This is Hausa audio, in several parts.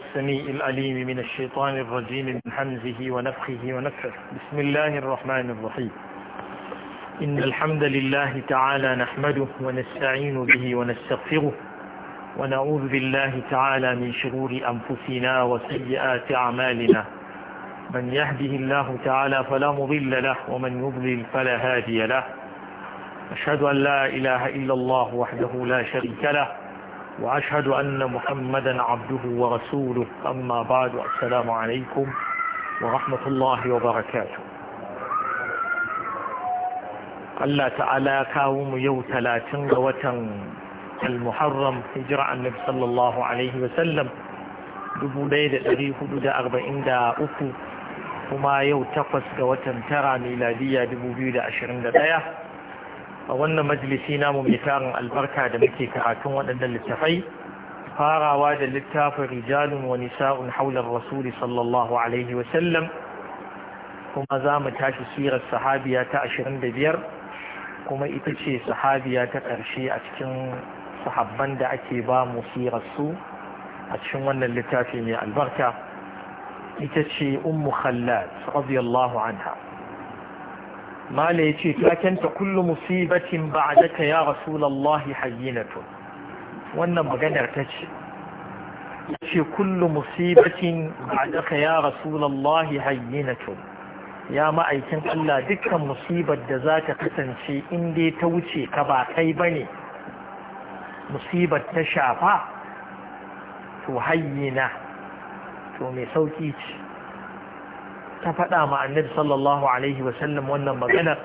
السميع العليم من الشيطان الرجيم من حمزه ونفخه ونفخه بسم الله الرحمن الرحيم إن الحمد لله تعالى نحمده ونستعين به ونستغفره ونعوذ بالله تعالى من شرور أنفسنا وسيئات أعمالنا من يهده الله تعالى فلا مضل له ومن يضلل فلا هادي له أشهد أن لا إله إلا الله وحده لا شريك له وأشهد أن محمدا amma ورسوله أما بعد السلام عليكم ورحمة الله وبركاته Allah ta’ala ya kawo mu yau talatin ga watan al-muharram hijira annabi sallallahu Alaihi wasallam 1443 kuma yau takwas ga watan tara miladiya 2021 a wannan majalisi namu mai tarin albarka da muke karatun waɗannan littafai farawa da littafin rijalun wa nisa'un haular rasuli sallallahu alaihi wasallam kuma za mu tashi sirar sahabiya ta ashirin da biyar kuma ita ce sahabiya ta ƙarshe a cikin sahabban da ake ba mu su a cikin wannan littafi mai albarka ita ce ummu khallad radiyallahu anha mala ya ce takenta kullu musibatin ba'daka ya rasulullahi hayyinatu wannan maganar ta ce ce kullu musibatin ba'daka ya rasulullahi hayyinatu ya ma'aikin Allah dukkan musibar da za kasance in dai ta wuce ka ba kai bane musibar ta shafa to hayyina to mai sauki ce ta faɗa ma annabi sallallahu alaihi wasallam wannan maganar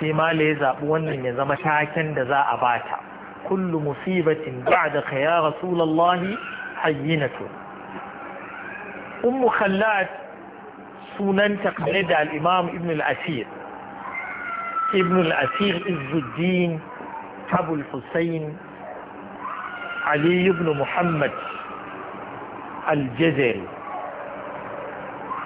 sai ma ya zaɓi wannan ya zama taken da za a bata kullu musibatin ba'da ka ya rasulallahi hayyinatu ummu khallat sunanta kanada da al-imam ibn al-asir ibn al-asir izzuddin abu al-husayn ali ibn muhammad al-jazari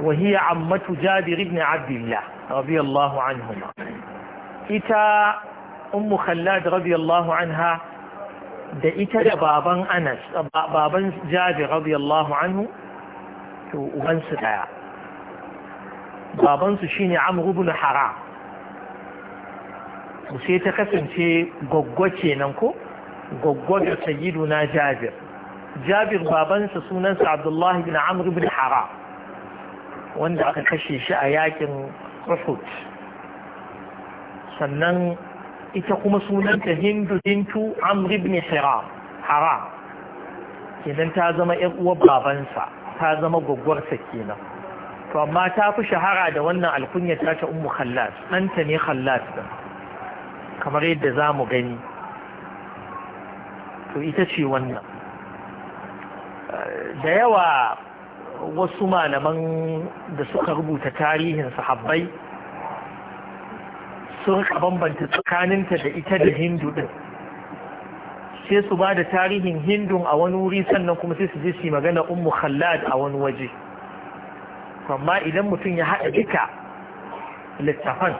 وهي عمة جابر بن عبد الله رضي الله عنهما إتا أم خلاد رضي الله عنها da ita da baban anas baban jabi radiyallahu anhu to ubansu daya babansu shine amru ibn haram to sai ta kasance goggo kenan ko gwaggwa da sayyiduna jabir jabir babansa sunansa abdullahi ibn amr ibn haram wanda aka kashe shi a yakin uhud sannan ita kuma sunanta hindu Hindu amr ibn Hiram haram kenan ta zama ɗan uwar babansa ta zama gwaggwarsa kenan to amma ta fi shahara da wannan alkunya ta ta ummu khallas ɗanta ne khallas din kamar yadda za mu gani to ita ce wannan da yawa wasu malaman da suka rubuta tarihin sahabbai sun ka bambanta tsakaninta da ita da hindu din sai su ba da tarihin hindun a wani wuri sannan kuma sai su je su magana ummu khallad a wani waje amma idan mutum ya haɗa duka littafan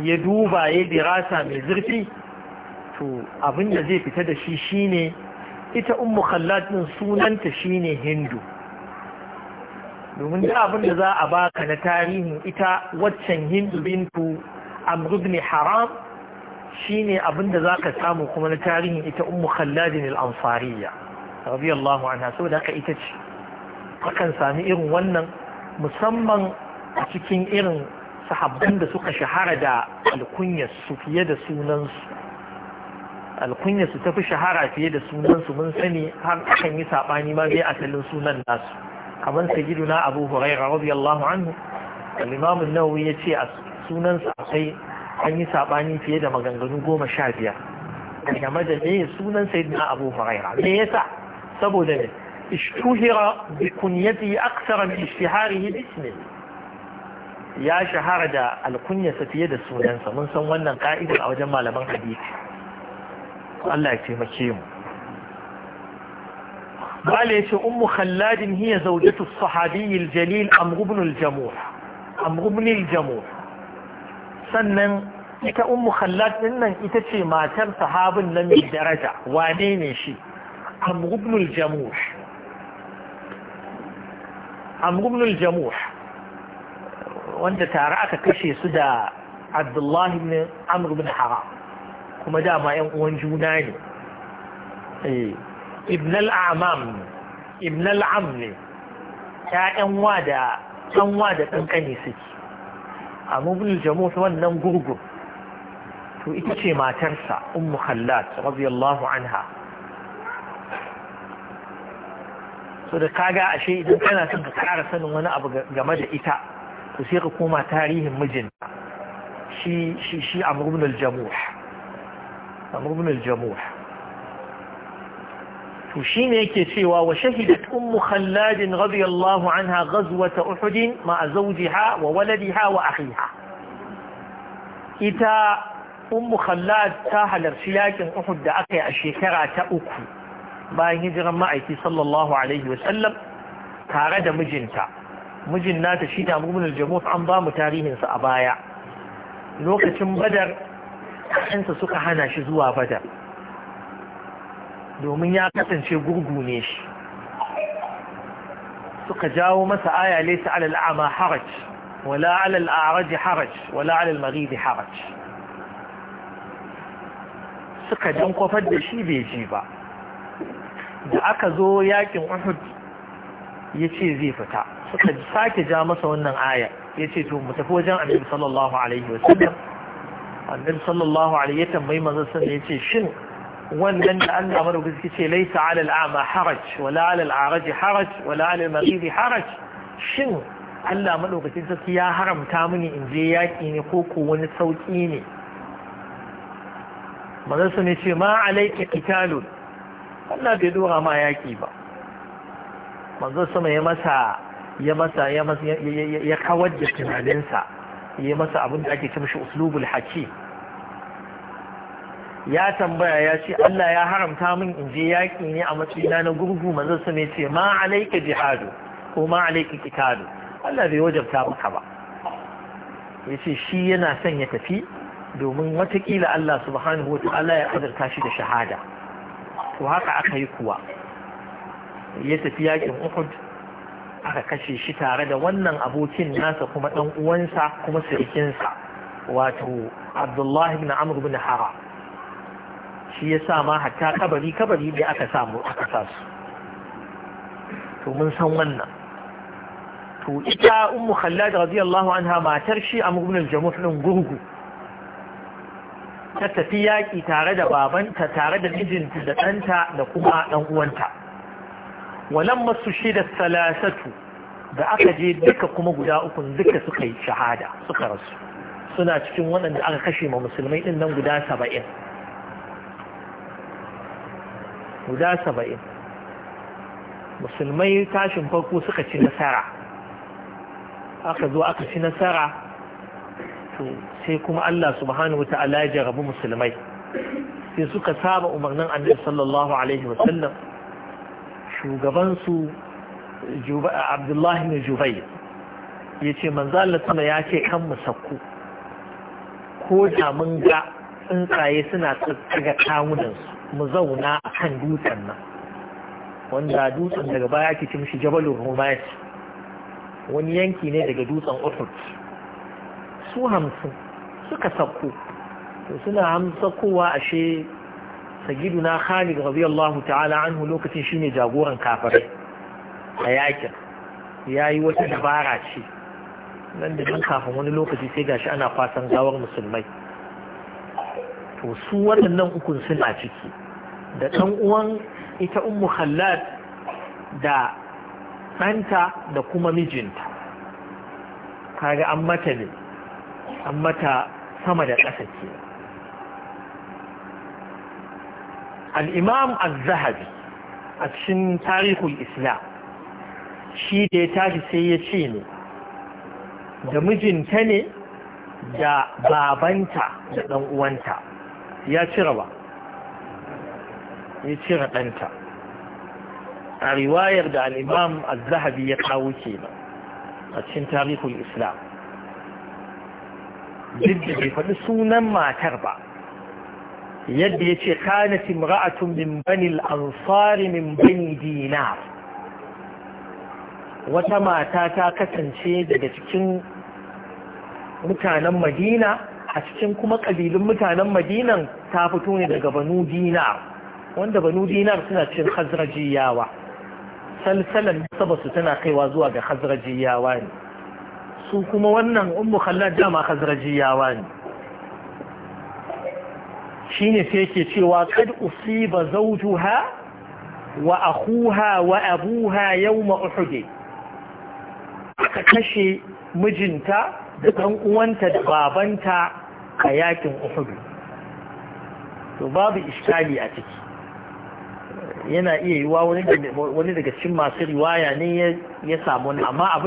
ya duba ya dirasa mai zurfi to abin da zai fita da shi shine ita ummu khallad din sunanta shine hindu domin da abin da za a baka na tarihin ita waccan hindu bintu amr haram shine abin da ka samu kuma na tarihin ita ummu khalladin al-ansariya radiyallahu so da haka ita ce kakan sami irin wannan musamman a cikin irin sahabban da suka shahara da alkunyar su fiye da sunansu alkunyar su fi shahara fiye da sunansu mun sani har akan yi saɓani ma zai asalin sunan nasu kamar sayyiduna abu huraira radiyallahu anhu al-imam an-nawawi yace a sunan sa sai an yi sabani fiye da maganganu goma sha biyar game da me sunan sayyiduna abu huraira me yasa saboda ne ishtuhira bi kunyati akthara min ishtiharihi bi ismi ya shahara da alkunyarsa fiye da sunansa mun san wannan ka'idar a wajen malaman hadisi Allah ya taimake mu قال يس أم خلاد هي زوجة الصحابي الجليل أمرو بن الجموح أمرو بن الجموح سنن إتا أم خلاد إنن إتتي ما تم صحاب لم الدرجة وانين شي أمرو بن الجموح أمرو بن الجموح وانت تارعك كشي سدى عبد الله بن عمرو بن حرام كما دام ينقون جوناني إيه. ibn al'amam ibn al'am ne ‘ya'yan wa da ɗanwa da ɗanƙani suke a mubin jamus wannan gurgur to ita ce matarsa ummu khallat radiyallahu anha so da kaga ashe idan kana son ka ƙara sanin wani abu game da ita to sai ka koma tarihin mijinta shi shi shi amr to shine yake cewa wa shahidat ummu khallad radiyallahu anha ghazwat uhud ma'a zawjiha wa waladiha wa akhiha ita ummu khallad ta halarci yakin uhud da aka yi a shekara ta uku bayan hijiran ma'aiki sallallahu alaihi wa sallam tare da mijinta mijin nata shi da mu'minul jamuh an ba mu tarihin sa a baya lokacin badar kansa suka hana shi zuwa badar domin ya kasance gurgu ne shi suka jawo masa aya laysa alal a'ma haraj wala alal a'raj haraj wala alal marid haraj suka jan kofar da shi bai ji ba da aka zo yakin Uhud yace zai fita suka sake ja masa wannan aya yace to mu tafi wajen Annabi sallallahu alaihi wasallam Annabi sallallahu alaihi ya tambayi manzon sallallahu alaihi yace shin wannan da Allah madaukaki ce laisa ala al'ama haraj wala ala al'araj haraj wala ala al haraj shin Allah madaukakin sarki ya haramta mini in je yaki ne ko ko wani sauki ne manzo ne ce ma alayka qitalu Allah bai dora ma yaki ba manzo sama ya masa ya masa ya masa ya kawar da tunaninsa ya masa abin da ake ce mishi uslubul hakim ya tambaya ya ce Allah ya haramta min in je yaƙi ne a matsayina na gurgu manzo su ne ce ma alaika jihadu ko ma alaika qitalu Allah bai wajabta maka ba yace shi yana son ya tafi domin watakila Allah subhanahu wata'ala ya azurta shi da shahada to haka aka yi kuwa ya tafi yakin Uhud aka kashe shi tare da wannan abokin nasa kuma dan uwansa kuma sirikinsa wato Abdullahi ibn Amr ibn Haram shi ya sa ma hatta kabari kabari ne aka samu aka sa to mun san wannan to ita ummu khallad radiyallahu anha matar shi a ibn al gurgu ta tafi yaƙi tare da babanta tare da mijinta da ɗanta da kuma ɗan uwanta walan masu shida salasatu da aka je duka kuma guda ukun duka suka yi shahada suka rasu suna cikin waɗanda aka kashe ma musulmai ɗin nan guda saba'in guda saba'in musulmai tashin farko suka ci nasara aka zo aka ci nasara to sai kuma Allah subhanahu wata'ala ya jarabu musulmai sai suka saba umarnin annabi sallallahu alaihi wasallam shugabansu abdullahi na jubai ya ce manzala ya ce kan mu saku ko da mun ga tsuntsaye suna tsaga kawunansu mu zauna a kan dutsen nan wanda dutsen daga baya ake cin shi jabalin rumat wani yanki ne daga dutsen uhud su hamsin suka sauko to suna hamsakowa ashe na khalid radiyallahu ta'ala anhu lokacin shine jagoran kafirai a yakin yayi wata dabara ce nan da kafin wani lokaci sai gashi ana fasan gawar musulmai to su waɗannan ukun suna ciki da ɗan uwan ita ummu khallad da ɗanta da kuma mijinta kaga an mata ne an mata sama da ƙasa ke al'imam al-zahabi a cikin tarihul islam shi da ya tashi sai ya ce ne da mijinta ne da babanta da ɗan'uwanta ya cire ba ya cire ɗanta a riwayar da al'imam al-zahabi ya kawo ke a cikin tarihul islam duk da bai faɗi sunan matar ba yadda ya ce kane imra'atun min bani ansari min bani dinar wata mata ta kasance daga cikin mutanen madina a cikin kuma ƙabilun mutanen madinan ta fito ne daga banu dinar wanda banu dinar suna cin hazrajiyawa salsalan saba su tana kaiwa zuwa ga hazrajiyawa ne su kuma wannan ummu khallad dama hazrajiyawa ne shine sai yake cewa kad usiba zawjuha wa akhuha wa abuha yawma uhud aka kashe mijinta da ɗan uwanta da babanta a yakin uhudu to babu iskali a ciki yana iya yiwa wani daga cikin masu riwaya ne ya samu amma